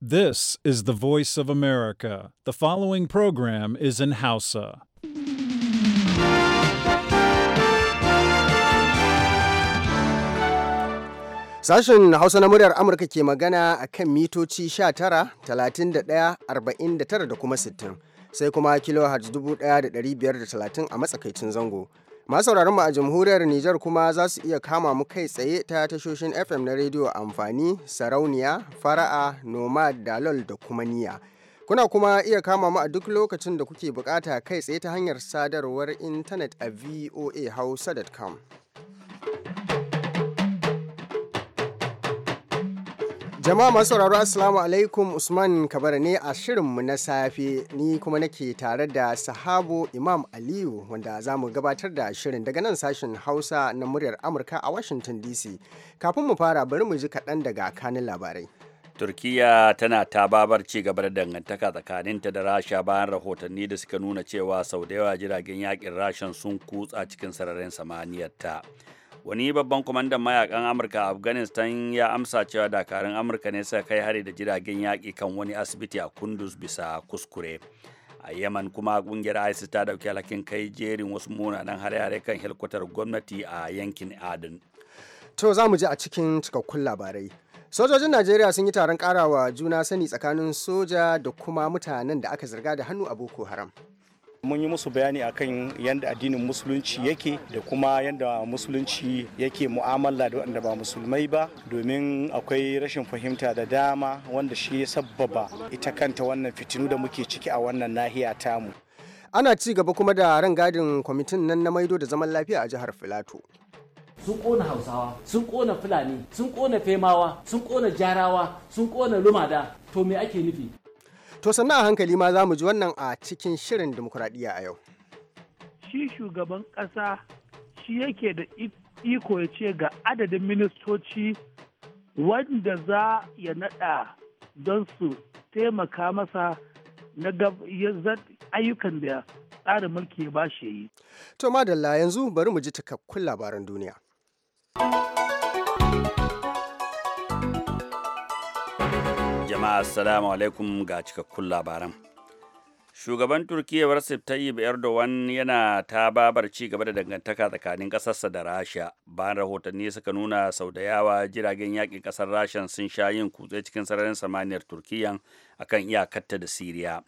This is the voice of America. The following program is in Hausa. Sashen Hausa na muryar Amurka ke magana a kan mitoci 19, 31, 49 da kuma 60, sai kuma kilohertz 1530 a matsakaicin zango. masauraran mu a jamhuriyar Nijar kuma za su iya kama mu kai tsaye ta tashoshin FM na rediyo amfani, sarauniya, fara'a, nomad, dalol da kuma niya. Kuna kuma iya kama mu a duk lokacin da kuke bukata kai tsaye ta hanyar sadarwar intanet a voahausa.com. Jama'a masu sauraro Assalamu alaikum Usman Kabara ne a shirinmu na safe ni kuma nake tare da sahabo Imam Aliyu wanda za mu gabatar da shirin daga nan sashen Hausa na muryar Amurka a Washington DC. Kafin mu fara bari mu ji kaɗan daga kanin labarai. Turkiya tana ta babar ci gaba da dangantaka tsakaninta da Rasha bayan rahotanni da suka nuna cewa sau da yawa jiragen yakin Rashan sun kutsa cikin sararin samaniyarta. ta. wani babban kwamandan mayakan amurka a afghanistan ya amsa cewa dakarun amurka ne suka kai hari da jiragen yaƙi kan wani asibiti a kunduz bisa kuskure a yaman kuma kungiyar isis ta dauki alhakin kai jerin wasu munanan hare-hare kan helikwatar gwamnati a yankin adin to za mu ji a cikin cikakkun labarai sojojin najeriya sun yi taron karawa juna sani tsakanin soja da kuma mutanen da aka zarga da hannu a boko haram mun yi musu bayani akan yadda addinin musulunci yake da kuma yadda musulunci yake mu'amala da waɗanda ba musulmai ba domin akwai rashin fahimta da dama wanda shi ya sababa ita kanta wannan fitinu da muke ciki a wannan nahiya tamu ana ci gaba kuma da rangadin kwamitin nan na maido da zaman lafiya a jihar filato sun kona hausawa sun kona fulani sun kona femawa sun kona jarawa sun kona lumada to me ake nufi To sannan a hankali ma za mu ji wannan a cikin shirin demokuraɗiyya a yau. Shi shugaban ƙasa shi yake da iko ya ce ga adadin ministoci wanda za ya naɗa don su taimaka masa na ayyukan da tsarin mulki ya ba shi yi. To madalla yanzu bari mu ji cikakkun labaran duniya. jama'a assalamu alaikum ga cikakkun labaran shugaban turkiyya recep tayyip erdogan yana ta babar ci gaba da dangantaka tsakanin ƙasarsa da rasha bayan rahotanni suka nuna sau da yawa jiragen yakin ƙasar rasha sun sha yin kutse cikin sararin samaniyar turkiyya akan iyakarta da siriya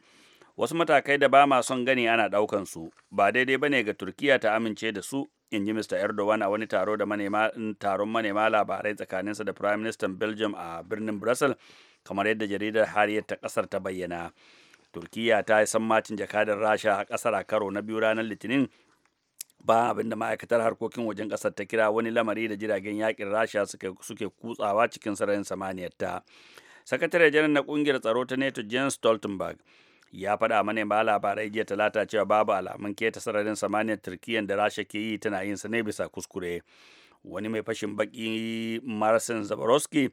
wasu matakai da ba ma son gani ana ɗaukan su ba daidai bane ga turkiyya ta amince da su in ji mista Erdogan a wani taro da manema taron manema labarai tsakaninsa da Prime Minister Belgium a birnin Brussels kamar yadda jaridar hariyar ta kasar ta bayyana turkiya ta yi macin jakadar rasha a kasar a karo na biyu ranar litinin ba da ma'aikatar harkokin wajen kasar ta kira wani lamari da jiragen yakin rasha suke kutsawa cikin sararin samaniyar ta sakatare janar na kungiyar tsaro ta neto jens stoltenberg ya faɗa manema labarai jiya talata cewa babu alamun keta sararin samaniyar turkiya da rasha ke yi tana yin sa ne bisa kuskure wani mai fashin baki marasin zabarowski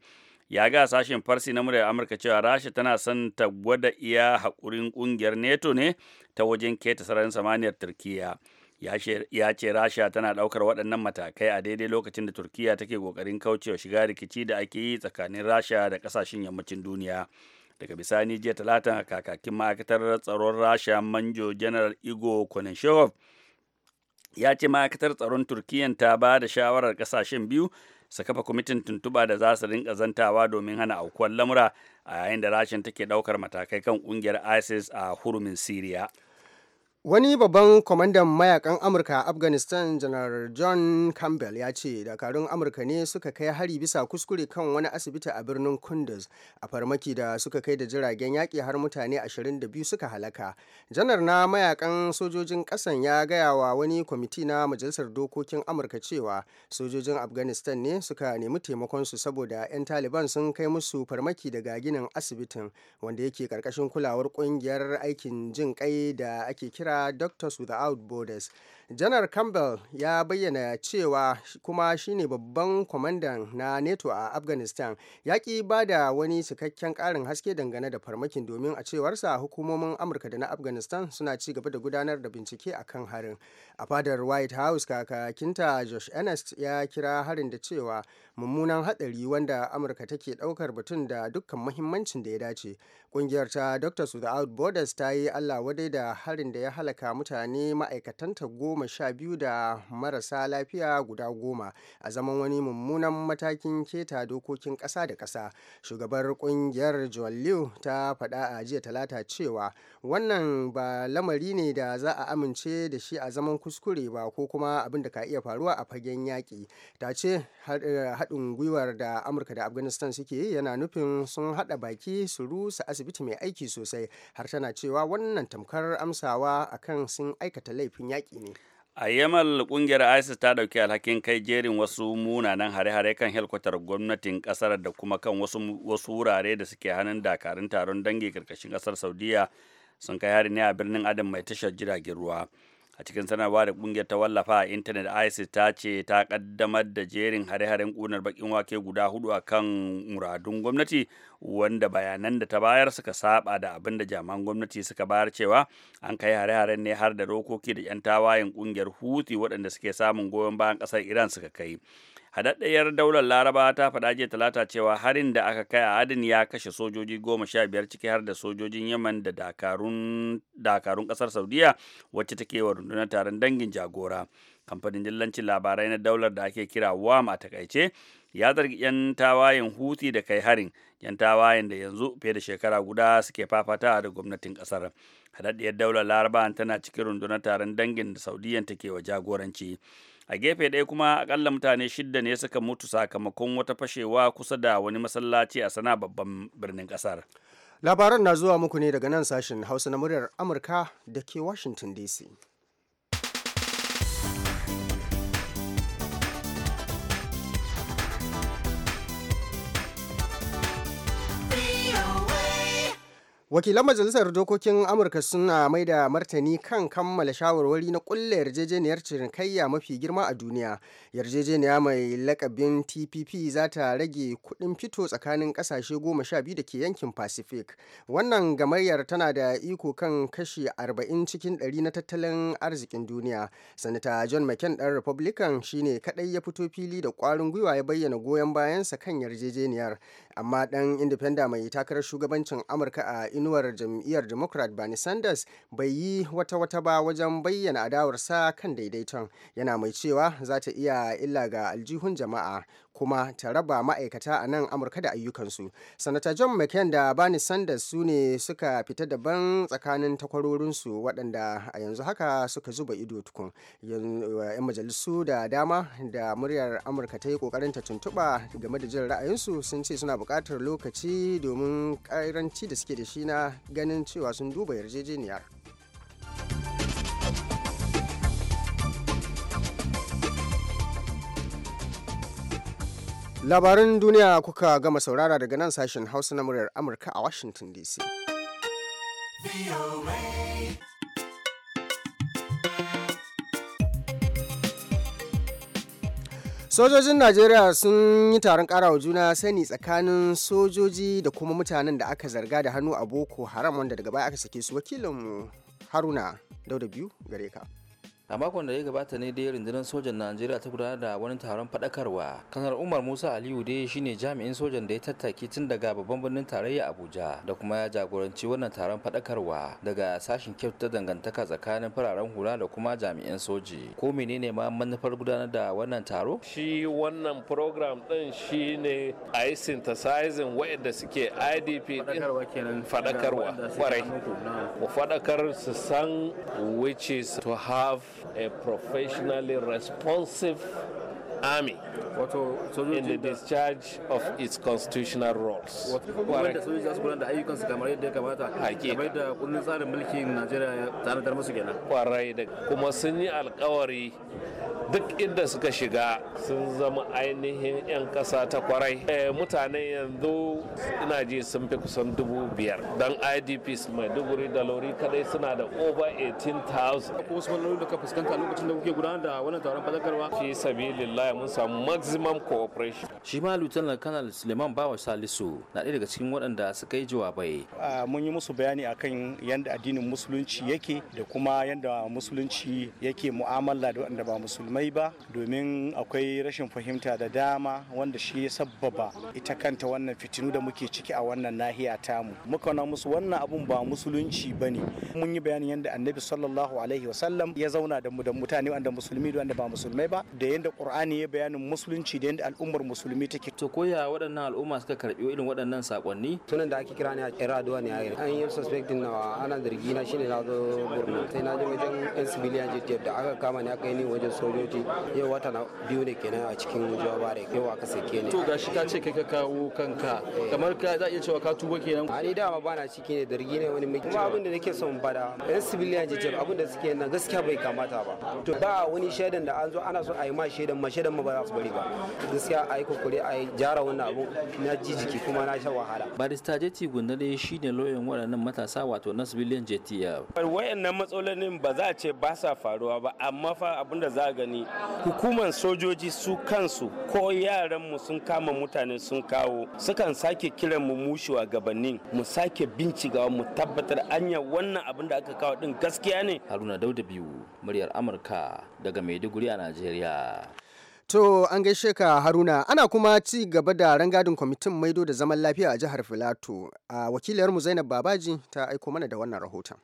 ya ga sashen farsi na muryar amurka cewa rasha tana son ta gwada iya haƙurin ƙungiyar neto ne ta wajen keta sararin samaniyar turkiyya ya ce rasha tana ɗaukar waɗannan matakai a daidai lokacin da turkiyya take ƙoƙarin kaucewa shiga rikici da ake yi tsakanin rasha da ƙasashen yammacin duniya daga bisani jiya talatan kakakin ma'aikatar tsaron rasha manjo general igo koneshov ya ce ma'aikatar tsaron turkiyan ta ba da shawarar ƙasashen biyu su kafa kwamitin tuntuɓa da za su rinka zantawa domin hana aukuwar lamura a yayin da rashin take ɗaukar matakai kan ƙungiyar isis a hurumin siriya Wani babban kwamandan mayakan Amurka a Afghanistan Janar John Campbell ya ce dakarun Amurka ne suka kai hari bisa kuskure kan wani asibiti a birnin Kunduz a farmaki da suka kai da jiragen yaƙi har mutane 22 suka halaka. Janar na mayakan sojojin ƙasan ya gaya wa wani kwamiti na Majalisar Dokokin Amurka cewa sojojin Afghanistan ne suka nemi taimakon su saboda 'yan Taliban sun kai musu farmaki daga ginin asibitin wanda yake ƙarƙashin kulawar ƙungiyar aikin jin ƙai da ake kira Doctors Without Borders janar campbell ya bayyana cewa kuma shine babban kwamandan na neto a afghanistan ya ki ba da wani cikakken karin haske dangane da farmakin domin a cewarsa hukumomin amurka da na afghanistan suna ci gaba da gudanar da bincike a kan harin a fadar white house kakakinta josh ernest ya kira harin da cewa mummunan hadari wanda amurka take daukar batun da dukkan muhimmancin da ya dace ƙungiyar ta doctors without borders ta yi allah wadai da harin da ya halaka mutane ma'aikatanta goma goma sha biyu da marasa lafiya guda goma a zaman wani mummunan matakin keta dokokin ƙasa da ƙasa shugabar ƙungiyar joan liu ta faɗa a jiya talata cewa wannan ba lamari ne da za a amince da shi a zaman kuskure ba ko kuma abin da ka iya faruwa a fagen yaƙi ta ce eh, haɗin gwiwar da amurka da afghanistan suke yi yana nufin sun haɗa baki su rusa asibiti mai aiki sosai har tana cewa wannan tamkar amsawa akan sun aikata laifin yaƙi ne a yamal kungiyar isis ta dauki alhakin kai jerin wasu munanan hare-hare kan helkwatar gwamnatin kasar da kuma kan wasu wasu wurare da suke hannun dakarun taron dangi karkashin kasar saudiya sun kai hari ne a birnin adam mai tashar jiragen ruwa a cikin sanarwa da kungiyar ta wallafa a intanet isis ta ce ta kaddamar da jerin hare-haren kunar bakin wake guda hudu a kan muradun gwamnati wanda bayanan da ta bayar suka saba da abin da jaman gwamnati suka bayar cewa an kai hare-haren ne har da rokoki da yan tawayen kungiyar huti waɗanda suke samun goyon bayan ƙasar iran suka kai Haɗaɗɗiyar daular Laraba ta faɗa jiya talata cewa harin da aka kai a Adin ya kashe sojoji goma sha biyar ciki har da sojojin Yaman da dakarun ƙasar Saudiya wacce take wa rundunar taron dangin jagora. Kamfanin dillancin labarai na daular da ake kira WAM a takaice ya zargi 'yan tawayen Huti da kai harin, 'yan tawayen da yanzu fiye da shekara guda suke fafata da gwamnatin ƙasar. Haɗaɗɗiyar daular Laraba tana cikin rundunar taron dangin da Saudiyan take wa jagoranci. a gefe ɗaya kuma akalla mutane shidda ne suka mutu sakamakon wata fashewa kusa da wani masallaci a sana babban birnin ƙasar labaran na zuwa muku ne daga nan sashen hausa na muryar amurka da ke washington dc wakilan majalisar dokokin amurka suna mai da martani kan kammala shawarwari na kulle yarjejeniyar cinikayya mafi girma a duniya yarjejeniya mai lakabin tpp za ta rage kudin fito tsakanin kasashe goma sha biyu da ke yankin pacific wannan gamayyar tana da iko kan kashi arba'in cikin 100 na tattalin arzikin duniya sanata john mccain dan republican shine kadai ya fito fili da kwarin gwiwa ya bayyana goyon bayansa kan yarjejeniyar amma dan indifenda mai takarar shugabancin amurka a inuwar jam'iyyar democrat bernie sanders bai yi wata-wata ba wajen bayyana adawarsa kan daidaiton yana mai cewa za ta iya illa ga aljihun jama'a kuma ta raba ma'aikata a nan amurka da ayyukansu sanata john mccain da bernie sanders su ne suka fita daban tsakanin takwarorinsu waɗanda a yanzu haka suka zuba ido tukun yan majalisu da dama da muryar amurka ta yi ƙoƙarin ta tuntuɓa game da jin ra'ayinsu sun ce suna buƙatar lokaci domin ƙaranci da suke da shi na ganin cewa sun duba yarjejeniyar labarin duniya kuka gama saurara daga nan sashen hausa na muryar amurka a washington dc sojojin najeriya sun yi taron karawa juna sani tsakanin sojoji da kuma mutanen da aka zarga da hannu a boko haram wanda daga baya aka sake su wakilinmu haruna dauda biyu gare ka a makon da ya gabata ne dai rundunar sojan najeriya ta gudanar da wani taron fadakarwa kanar umar musa aliyu dai shine jami'in sojan da ya tattaki tun daga babban birnin tarayya abuja da kuma ya jagoranci wannan taron fadakarwa daga sashen kyauta dangantaka tsakanin fararen hula da kuma jami'an soji ko menene ma manufar gudanar da wannan taro shi wannan program din shine a yi synthesizing da suke idp din fadakarwa kwarai mu faɗakar su san which is to have a professionally responsive army in the discharge of its constitutional roles. sojoji za su gudanar da kamar yadda ya kamata. Kamar tsarin mulkin Najeriya ya tanadar musu kenan. Kwarai da kuma sun yi alkawari duk inda suka shiga sun zama ainihin 'yan kasa ta kwarai eh, mutane yanzu ina ji sun fi kusan dubu biyar don idps mai duburi da lori kadai suna da over 18,000 ko wasu matsaloli da ka fuskanta lokacin da kuke gudanar da wannan taron fadakarwa fi sabilillahi mun samu maximum cooperation. Shi ma Lieutenant Colonel Suleiman Bawa Salisu na ɗaya daga cikin waɗanda suka yi jawabai. Ah, mun yi musu bayani akan yadda addinin musulunci yake da kuma yadda musulunci yake mu'amala da waɗanda ba musulmai ba domin akwai rashin fahimta da dama wanda shi ya sabbaba ita kanta wannan fitinu da muke ciki a wannan nahiya tamu. Muka na musu wannan abun ba musulunci ba ne. Mun yi bayanin yadda annabi sallallahu alaihi wasallam ya zauna da mutane wanda musulmi da wanda ba musulmai ba da yadda Qur'ani ya bayanin musulunci da yadda al'ummar musulmi take to koya waɗannan al'umma suka karɓi irin waɗannan sakonni sunan da ake kira ne a kira aduwa ne a an yi suspecting na ana zargi na shine na zo borno sai na je wajen yan civilian jtf da aka kama ne aka yi ni wajen sojoji yau wata na biyu ne kenan a cikin jawa da yau aka sake ne to gashi ka ce kai ka kawo kanka eh. kamar ka za iya cewa ka tuba kenan a ni dama bana ciki ne zargi ne wani mai kuma abin da nake son bada yan civilian jtf abin da suke na gaskiya bai kamata ba to ba wani shaidan da an zo ana so a yi ma shaidan ma shaidan ma ba za su bari riga gaskiya a yi kokari a jara wannan abu na jijiki kuma na sha wahala barista jeti gundare shi ne lauyan waɗannan matasa wato na civilian jtf wayannan matsalolin ba za a ce ba sa faruwa ba amma fa abin da za a gani hukumar sojoji su kansu ko yaran mu sun kama mutane sun kawo sukan sake kiran mu mushewa gabanin mu sake bincika mu tabbatar anya wannan abin da aka kawo din gaskiya ne haruna dauda biyu muryar amurka daga maiduguri a najeriya To an gaishe ka Haruna ana kuma ci gaba da rangadin kwamitin maido da zaman lafiya a jihar Filato a wakiliyarmu Zainab Babaji ta aiko mana da wannan rahoton.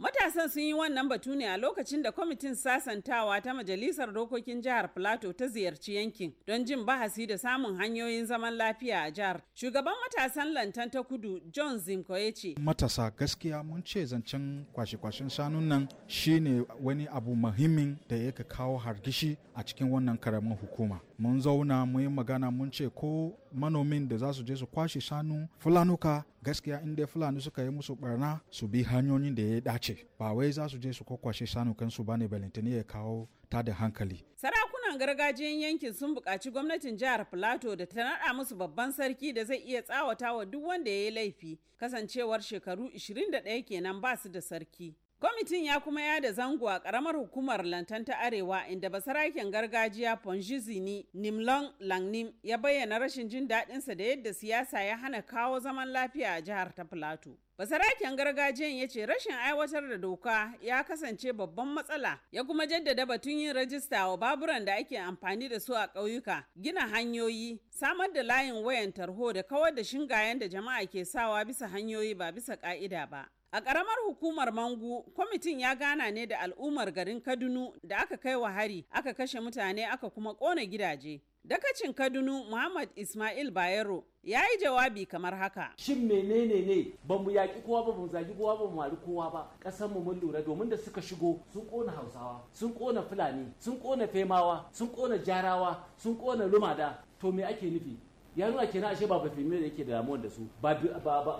Matasan sun yi wannan batu ne a lokacin da kwamitin sasantawa ta Majalisar Dokokin Jihar plato ta ziyarci yankin don jin bahasi da samun hanyoyin zaman lafiya a jihar. Shugaban matasan lantan ta kudu John Zimko ya ce. Matasa gaskiya mun ce zancen kwashe-kwashen shanun nan shine wani abu muhimmin da ya kawo hargishi a cikin wannan karamin hukuma. mun zauna mun yi magana mun ce ko manomin da za su je su kwashe shanu fulanuka gaskiya inda fulani suka yi musu barna su bi hanyoyin da ya dace ba wai za su je su kwashe shanu kansu bane balintani ya kawo ta da hankali sarakunan gargajiyan yankin sun buƙaci gwamnatin jihar plateau da ta naɗa musu babban sarki da zai iya tsawata wa duk wanda ya yi laifi kasancewar shekaru 21 kenan ba su da sarki Kwamitin ya kuma yada zango a ƙaramar hukumar Lantan ta Arewa inda basaraken gargajiya Ponjizini Nimlong Langnim ya bayyana rashin jin daɗinsa da yadda siyasa ya hana kawo zaman lafiya a jihar ta Plateau. Basaraken gargajiyan ya ce rashin aiwatar da doka ya kasance babban matsala ya kuma jaddada batun yin rajista wa baburan da ake amfani da su a ƙauyuka, gina hanyoyi, samar da layin wayan tarho da kawar da shingayen da jama'a ke sawa bisa hanyoyi ba bisa ƙa'ida ba. A ƙaramar hukumar Mangu, kwamitin ya gana ne da al'ummar garin Kaduna da aka kai wa hari, aka kashe mutane aka kuma ƙona gidaje. Dakacin Kaduna Muhammad Ismail Bayero ya yi jawabi kamar haka. Shin menene ne ba mu yaƙi kowa ba mu zagi kowa ba mu mari kowa ba ƙasar mu mun lura domin da suka shigo sun ƙona Hausawa sun ƙona Fulani sun ƙona Femawa sun ƙona Jarawa sun ƙona Lumada to me ake nufi ya nuna kenan ashe ba ba yake da damuwar da su ba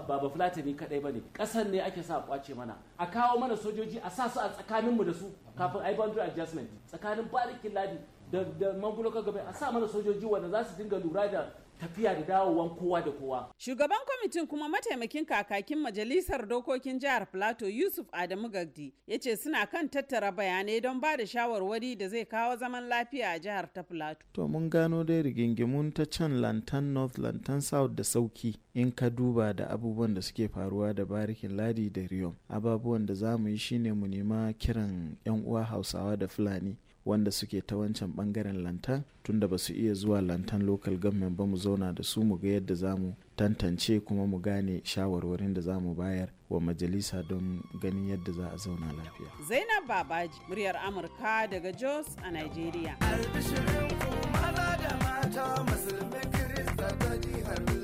ba flatini kadai bane kasan ne ake sa kwace mana a kawo mana sojoji a sa su a tsakanin da su kafin ai boundary adjustment tsakanin barikin ladi da mangulo gaba a sa mana sojoji wanda za su dinga lura da tafiya da dawowan kowa da kowa. Shugaban kwamitin kuma mataimakin kakakin majalisar dokokin jihar Plato Yusuf Adamu Gagdi ya ce suna kan tattara bayanai don ba da shawarwari da zai kawo zaman lafiya a jihar ta Plato. To mun gano dai rigingimun ta can Lantan North, Lantan South da Sauki in ka duba da abubuwan da suke faruwa da barikin ladi da Riyom. Ababuwan da za mu yi shine mu nema kiran 'yan uwa Hausawa da Fulani. wanda suke ta wancan bangaren lantan tunda ba su iya zuwa lantan local government ba mu zauna da su mu ga yadda za mu tantance kuma mu gane shawarwarin da za mu bayar wa majalisa don ganin yadda za a zauna lafiya. Zainab Babaji, muryar Amurka daga Jos a Nigeria. Albishirin kuma da mata musulmi Kirista ta jihar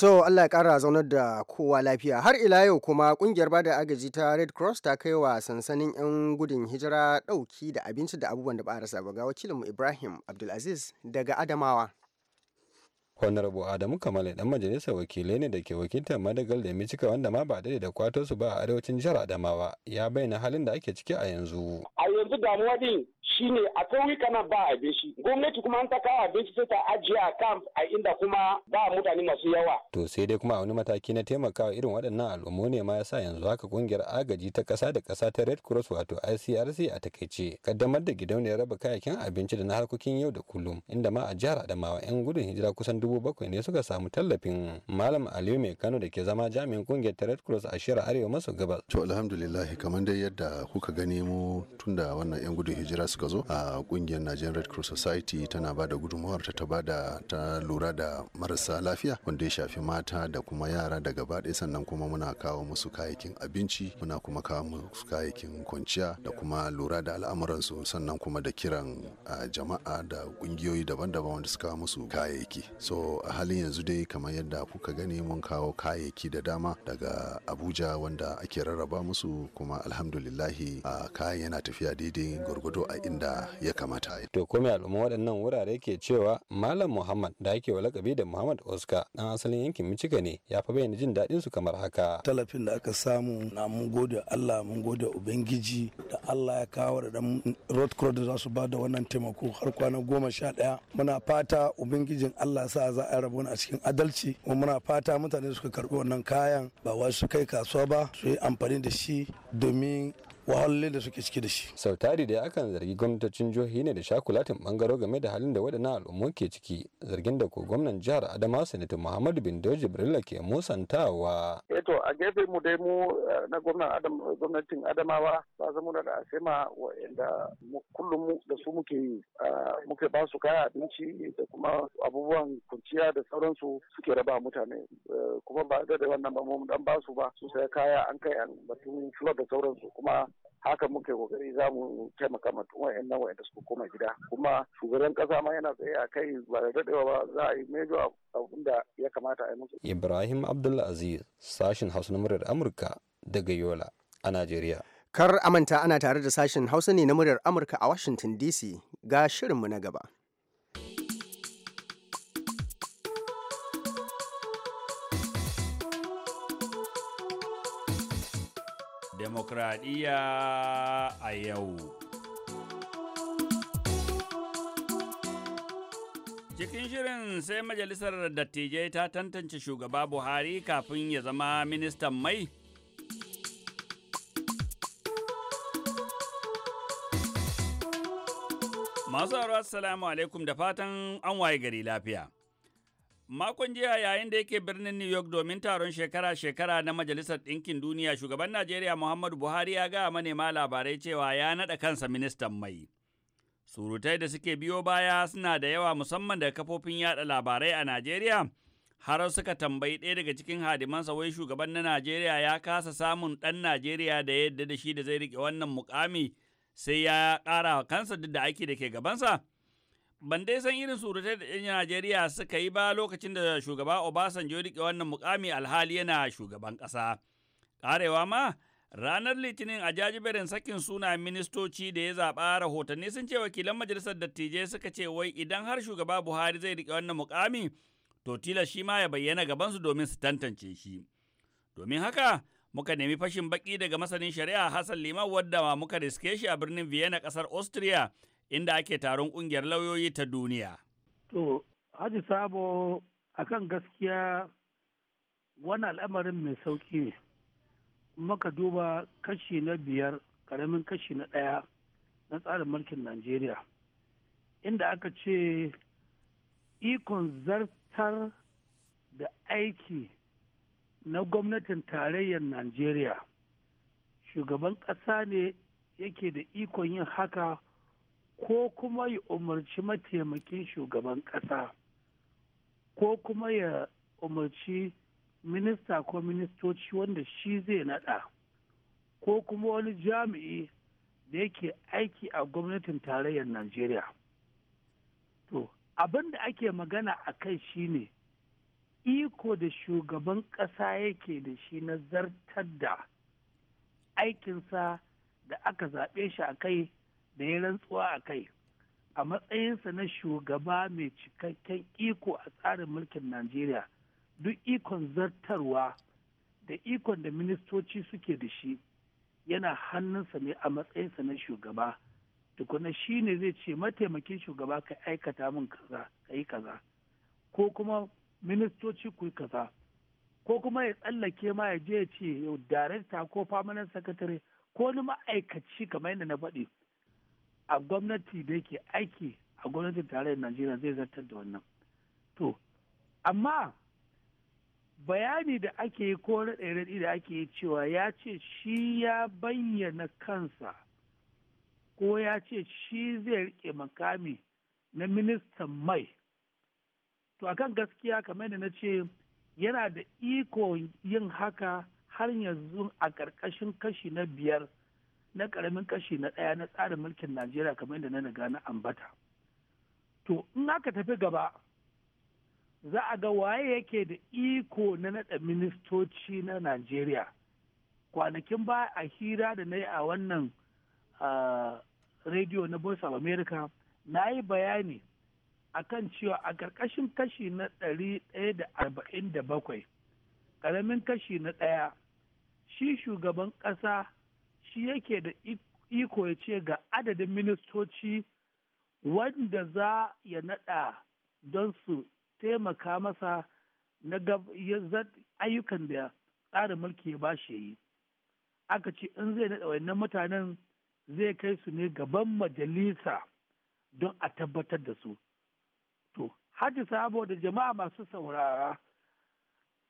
To Allah ya kara zaunar da kowa lafiya. Har ila yau kuma kungiyar bada agaji ta Red Cross ta kai wa sansanin 'yan gudun hijira ɗauki da abinci da abubuwan da ba a rasa ba ga wakilinmu Ibrahim Abdulaziz daga Adamawa. honorable adamu kamale dan majalisar wakilai ne da ke wakiltar madagal da micika wanda ma ba daidai da kwato su ba a arewacin jihar adamawa ya bayyana halin da ake ciki a yanzu a yanzu damuwa din shine a kauyuka nan ba shi gwamnati kuma an ta kawo abinci sai ta ajiye a camp a inda kuma ba mutane masu yawa to sai dai kuma a wani mataki na taimakawa irin waɗannan al'ummu ne ma yasa yanzu haka kungiyar agaji ta ƙasa da ƙasa ta red cross wato icrc a takaice kaddamar da gidauniyar raba kayayyakin abinci da na harkokin yau da kullum inda ma a jihar adamawa 'yan gudun hijira kusan dubu dubu ne suka samu tallafin malam aliyu mai kano da ke zama jami'in kungiyar ta red cross a shirar arewa maso gabas to alhamdulillah kamar dai yadda kuka gani mu tun da wannan yan gudun hijira suka zo a kungiyar nigerian red cross society tana ba da gudunmawar ta ba da ta lura da marasa lafiya wanda ya shafi mata da kuma yara da gaba ɗaya sannan kuma muna kawo musu kayayyakin abinci muna kuma kawo musu kayayyakin kwanciya da kuma lura da al'amuransu sannan kuma da kiran jama'a da ƙungiyoyi daban-daban wanda suka kawo musu kayayyaki so so a halin yanzu dai kamar yadda kuka gani mun kawo kayayyaki da dama daga abuja wanda ake rarraba musu kuma alhamdulillahi a kayan yana tafiya daidai gwargwado a inda ya kamata to kome al'umma waɗannan wurare ke cewa malam muhammad da ake walakabi da muhammad oscar dan asalin yankin michiga ne ya fi bayyana jin daɗin su kamar haka talafin da aka samu na mun gode allah mun gode ubangiji da allah ya kawo da dan road cross da za su ba da wannan taimako har kwana goma sha ɗaya muna fata ubangijin allah sa za a rabu a cikin adalci kuma muna fata mutane suka karbi wannan kayan ba wai su kai kasuwa ba su yi amfani da shi domin wahalle da suke ciki da shi. sau tari da akan zargi gwamnatocin jihohi ne da shakulatin bangaro game da halin da waɗannan al'ummar ke ciki zargin da ko gwamnan jihar adama sanata muhammadu bin doji birla ke musantawa. eto eh a gefe mu dai mu eh, na gwamnatin adamawa ba za mu da asema wa'anda kullum da su muke yi ah, muke ba su kaya abinci da kuma abubuwan kunciya da sauransu suke raba mutane eh, kuma ba da wannan ba mu dan ba su ba su sai kaya an kai an batun da sauransu kuma haka muke kokari za mu taimaka ma wayan nan wayanda suka koma gida kuma shugaban kasa ma yana tsaye a kai ba da daɗewa ba za a yi mejo abin da ya kamata a yi musu. Ibrahim Abdulaziz sashin Hausa na muryar Amurka daga Yola a Najeriya. Kar amanta ana tare da sashin Hausa ne na muryar Amurka a Washington DC ga shirinmu na gaba. demokradiyya a yau. Cikin shirin sai Majalisar Dattijai ta tantance shugaba Buhari kafin ya zama ministan mai. Masu salamu alaikum da fatan an waye gari lafiya. Makon jiya yayin da yake birnin New York domin taron shekara-shekara na Majalisar Ɗinkin Duniya, shugaban Najeriya Muhammadu Buhari ya gaya manema labarai cewa ya naɗa kansa ministan mai. Surutai da suke biyo baya suna da yawa musamman da kafofin yada labarai a Najeriya, har suka tambayi ɗaya daga cikin hadimansa wai shugaban na Najeriya ya kasa samun ɗan Najeriya da yadda da shi da zai riƙe wannan mukami sai ya ƙara kansa duk da aiki da ke gabansa. Ban dai san irin surutai da 'yan Najeriya suka yi ba lokacin da shugaba Obasanjo ya wannan mukami alhali yana shugaban ƙasa. Ƙarewa ma, Ranar Litinin a jajiberin sakin suna ministoci da ya zaɓa rahotanni sun ce wakilan majalisar dattijai suka ce wai idan har shugaba Buhari zai rike wannan mukami to tilas shi ma ya bayyana gaban su domin su tantance shi. Domin haka muka nemi fashin baƙi daga masanin shari'a Hassan Liman wadda muka riske shi a birnin Vienna ƙasar Austria inda ake taron ƙungiyar lauyoyi ta duniya. To, Haji Sabo a kan gaskiya wani al'amarin mai sauƙi ne. Maka duba kashi na biyar, ƙaramin kashi na ɗaya na tsarin mulkin Najeriya. Inda aka ce ikon zartar da aiki na gwamnatin tarayyar Najeriya. Shugaban ƙasa ne yake da ikon yin haka ko kuma ya umarci mataimakin shugaban ƙasa ko kuma ya umarci minista ko ministoci wanda shi zai naɗa ko kuma wani jami'i da yake aiki a gwamnatin tarayyar najeriya to abin da ake magana a kai shine iko da shugaban ƙasa yake da shi na zartar da aikinsa da aka zaɓe shi a kai da ya rantsuwa a kai a matsayinsa na shugaba mai cikakken iko a tsarin mulkin najeriya duk ikon zartarwa da ikon da ministoci suke da shi yana hannunsa ne a matsayinsa na shugaba tukuna shi ne zai ce mataimakin shugaba ka aikata min kaza ka yi kaza ko kuma ministoci ku yi kaza ko kuma ya tsallake ma ya je ya ce yau darekta ko famanan sakatare ko wani ma'aikaci kamar yadda na faɗi a gwamnati da yake aiki a gwamnatin tarayyar najeriya zai zartar da wannan to amma bayani da ake yi ko raɗe-raɗe da ake yi cewa ya ce shi ya bayyana kansa ko ya ce shi zai rike makami na ministan mai to akan gaskiya kamar da na ce yana da iko yin haka har yanzu a ƙarƙashin kashi na biyar na karamin kashi na ɗaya na tsarin mulkin najeriya kamar yadda na riga na ambata to in aka tafi gaba za a ga waye yake da iko na naɗa ministoci na najeriya kwanakin ba a hira da na yi a wannan rediyo na voice of america na yi bayani a kan cewa a ƙarƙashin kashi na ɗari ɗaya da arba'in da bakwai ƙaramin kashi na ɗaya shi shugaban ƙasa shi yake da iko ya ce ga adadin ministoci wanda za ya naɗa don su taimaka masa na ayyukan da tsarin mulki ya ba shi yi aka ce in zai naɗa wannan mutanen zai kai su ne gaban majalisa don a tabbatar da su to hajji sabo da jama'a masu saurara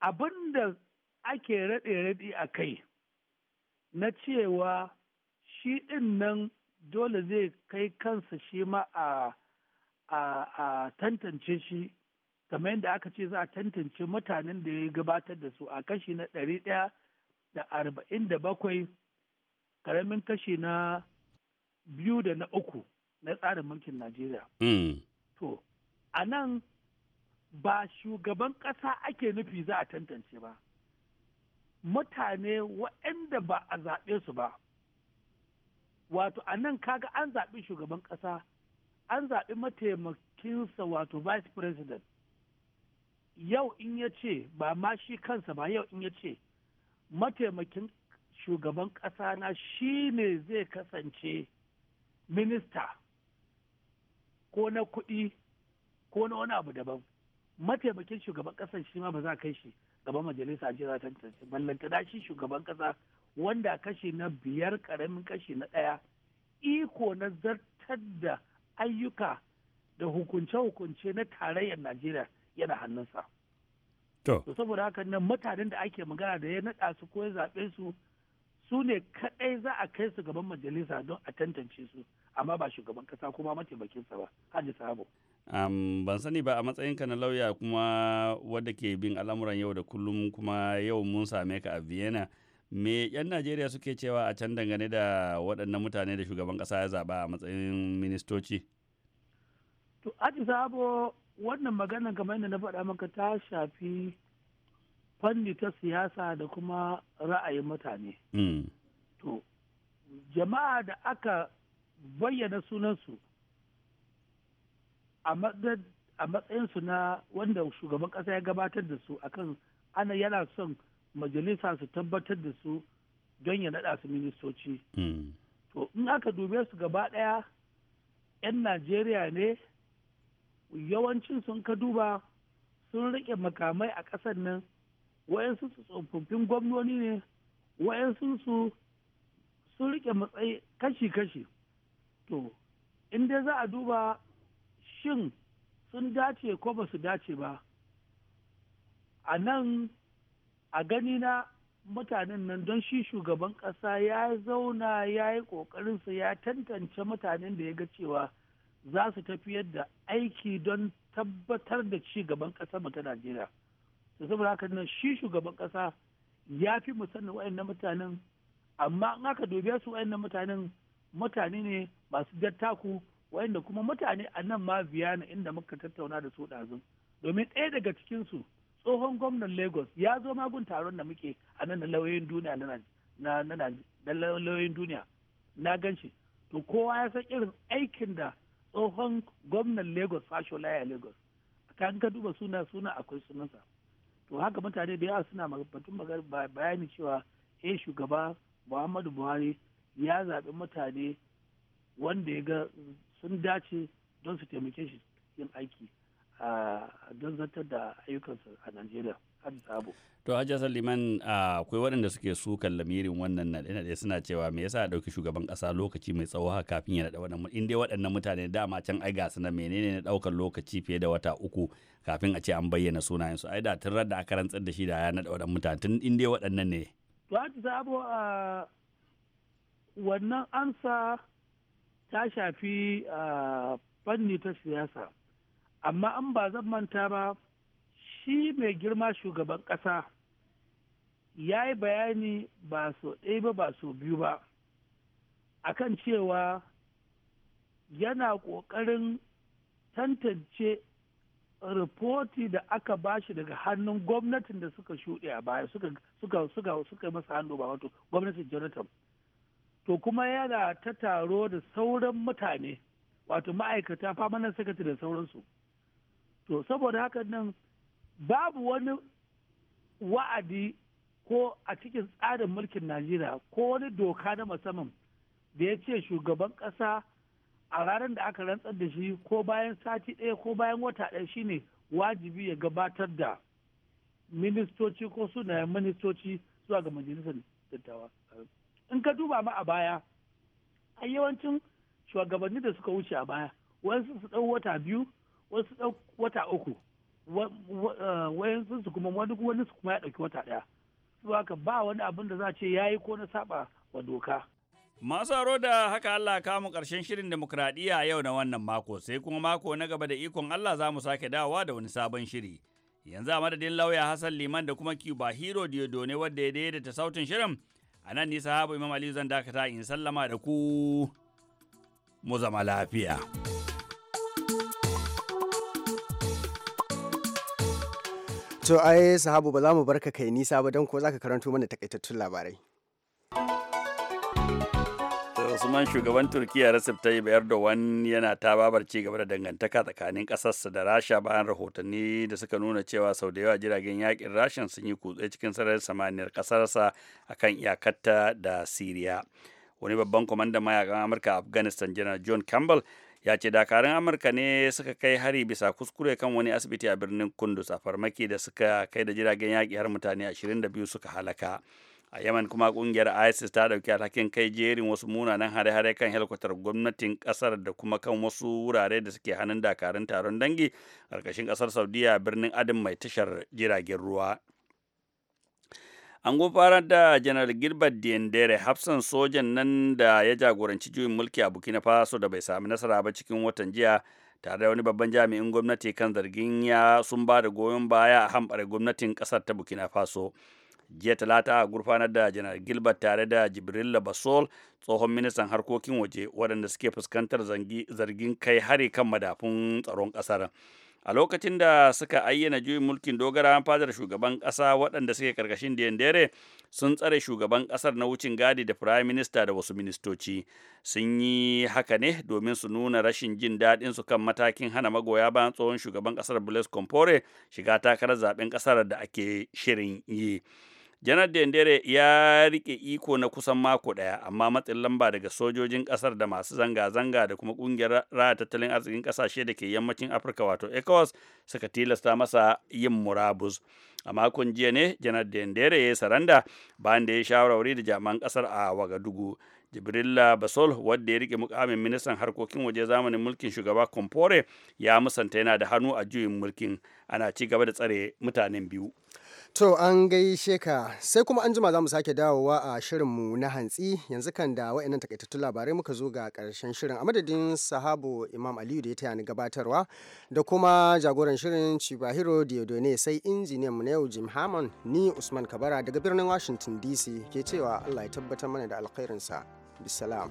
abinda da ake raɗe-raɗe a kai na cewa shi ɗin nan dole zai kai kansa shi ma a tantance shi kamar yadda aka ce za a tantance mutanen da ya gabatar da su a kashi na ɗari ɗaya da arba'in da bakwai ƙaramin kashi na biyu da na uku na tsarin mulkin Najeriya. Hmm. To, a nan ba shugaban ƙasa ake nufi za a tantance ba. mutane waɗanda ba a zaɓe su ba wato a nan kaga an zaɓi shugaban ƙasa an zaɓi mataimakinsa wato vice president yau in ya ce ba ma shi kansa ba yau in ya ce mataimakin shugaban ƙasa na shi ne zai kasance minista ko na kuɗi ko na wani abu daban mataimakin shugaban ƙasa shi ma ba za kai shi gaban majalisa a za ta tantance ballantana shi shugaban kasa wanda kashi na biyar karamin kashi na ɗaya iko na zartar da ayyuka da hukunce-hukunce na tarayyar najeriya yana hannunsa to saboda haka nan mutanen da ake magana da ya naɗa su ko ya zaɓe su su ne kaɗai za a kai su gaban majalisa don a tantance su amma ba shugaban kasa kuma mataimakinsa ba haji sabo Um, ban sani ba a matsayinka na lauya kuma wadda ke bin al'amuran yau da kullum kuma yau mun same ka a vienna me 'yan najeriya suke cewa a can dangane da waɗannan mutane da shugaban ƙasa ya zaɓa a matsayin ministoci to aji sabo wannan magana kamar yadda na faɗa maka ta shafi fanni ta siyasa da kuma ra'ayin mutane hmm. to jama'a da aka bayyana sunansu a matsayinsu na wanda shugaban kasa ya gabatar da su akan ana yana son majalisa su tabbatar da su don ya naɗa su ministoci. Hmm. To in aka dube su gaba ɗaya 'yan Najeriya ne yawancin sun ka duba sun riƙe makamai a ƙasar nan wayansu su tsofaffin gwamnoni ne wayansu su sun riƙe matsayi kashi-kashi. To in dai za a duba shin sun dace ko ba su dace ba a nan a gani na mutanen nan don shi shugaban ƙasa ya zauna ya yi ƙoƙarinsa ya tantance mutanen da ya ga cewa za su tafiyar da aiki don tabbatar da ci gaban ƙasar ta Najeriya. Da saboda haka nan shi shugaban ƙasa ya fi musannin na mutanen amma in aka dubiya su na mutanen mutane ne masu dattaku wa'inda kuma mutane a nan ma biyana inda muka tattauna da su ɗazun domin ɗaya daga cikinsu tsohon gwamnan lagos ya zo magun taron da muke a nan na lauyoyin duniya na lauyoyin gan shi to kowa ya san irin aikin da tsohon gwamnan lagos fasho laya lagos kan ka duba suna suna akwai sunansa to haka mutane da yawa suna batun bayani cewa eh shugaba muhammadu buhari ya zaɓi mutane wanda ya ga sun dace don su taimake shi yin aiki don zartar da ayyukansu a Najeriya. Sabo. To Hajji Liman akwai waɗanda suke sukan lamirin wannan naɗe-naɗe suna cewa me yasa ɗauki shugaban ƙasa lokaci mai tsawo haka kafin ya naɗa waɗannan in dai waɗannan mutane dama can ai ga na menene na ɗaukar lokaci fiye da wata uku kafin a ce an bayyana sunayensu ai da tun da aka rantsar da shi da ya naɗa waɗannan mutane tun in dai waɗannan ne. To Hajji Sabo wannan ansa ta shafi ah, fanni ta siyasa amma an ba zan manta ba shi mai girma shugaban ƙasa ya yi bayani ba so ɗaya ba ba so biyu ba akan cewa yana ƙoƙarin tantance ripoti da aka bashi daga hannun gwamnatin da suka shuɗe a baya suka suka masa hannu ba wato gwamnatin jonathan to kuma yana ta taro da sauran mutane wato ma'aikata famanan sakati da sauransu to saboda haka nan babu wani wa'adi ko a cikin tsarin mulkin najeriya ko wani doka na musamman da ya ce shugaban ƙasa a ranar da aka rantsar da shi ko bayan sati ɗaya ko bayan wata ɗaya shine wajibi ya gabatar da ministoci ko sunayen ministoci zuwa ga majalisar dattawa in ka duba ma a baya a yawancin shugabanni da suka wuce a baya wasu su ɗau wata biyu wasu ɗau wata uku eh, wayansu su kuma wani wani su kuma ya ɗauki wata ɗaya su haka ba wani abin da za a ce ya yi ko na saba wa doka. Masu haro da haka Allah kamu ƙarshen shirin demokradiyya yau na wannan mako sai kuma mako na gaba da ikon Allah za mu sake dawowa da wani sabon shiri. Yanzu a madadin lauya Hassan Liman da kuma Cuba Hero Diodone wadda ya daidaita sautin shirin a nan nisa habu imam Ali zan dakata in sallama da ku mu zama lafiya to ai sahabu ba za mu barka kai nisa ba don ko zaka karanto mana takaitattun labarai Usman shugaban Turkiyya Recep Tayyip Erdogan yana ta babar ci gaba da dangantaka tsakanin kasarsa da Rasha bayan rahotanni da suka nuna cewa sau da yawa jiragen yakin Rashan sun yi kutse cikin sararin samaniyar kasarsa akan iyakarta da Siriya. Wani babban kwamandan mayakan Amurka a Afghanistan Janar John Campbell ya ce dakarun amurka ne suka kai hari bisa kuskure kan wani asibiti a birnin kundus a farmaki da suka kai da jiragen yaki har mutane 22 suka halaka a yaman kuma kungiyar isis ta dauki alhakin kai jerin wasu munanan hare-hare kan helikwatar gwamnatin kasar da kuma kan wasu wurare da suke hannun dakarun taron dangi karkashin kasar saudiya birnin adin mai tashar jiragen ruwa an gufara da janar gilbert diendere hafsan sojan nan da ya jagoranci juyin mulki a burkina faso da bai sami nasara ba cikin watan jiya tare da wani babban jami'in gwamnati kan zargin ya sun ba da goyon baya a hambar gwamnatin kasar ta burkina faso jiya talata a gurfanar da janar gilbert tare da jibrilla basol tsohon ministan harkokin waje waɗanda suke fuskantar zargin kai hari kan madafun tsaron ƙasar a lokacin da suka ayyana juyin mulkin dogara fadar shugaban ƙasa waɗanda suke karkashin dendere sun tsare shugaban ƙasar na wucin gadi da firayim minista da wasu ministoci sun yi haka ne domin su nuna rashin jin daɗin su kan matakin hana magoya bayan tsohon shugaban ƙasar blaise compaore shiga takarar zaben ƙasar da ake shirin yi janar dendere ya rike iko na kusan mako daya amma matsin lamba daga sojojin kasar da masu zanga-zanga da kuma kungiyar raya tattalin arzikin kasashe da ke yammacin afirka wato ecowas suka tilasta masa yin murabus a makon jiya ne janar dendere ya yi saranda bayan da ya shawarwari da jami'an kasar a wagadugu jibrilla basol wadda ya rike mukamin ministan harkokin waje zamanin mulkin shugaba kompore ya musanta yana da hannu a juyin mulkin ana ci gaba da tsare mutanen biyu To an gaishe ka sai kuma an jima za mu sake dawowa a shirinmu na hantsi yanzu kan da wa'annan takaitattun labarai muka zo ga karshen shirin a madadin sahabu Imam Aliyu da ya taya ni gabatarwa da kuma jagoran shirin Chibahiro Diodone sai injiniyan mu na yau Jim Hammond ni Usman Kabara daga birnin Washington DC ke cewa Allah ya tabbatar mana da alkhairinsa. Bisalam.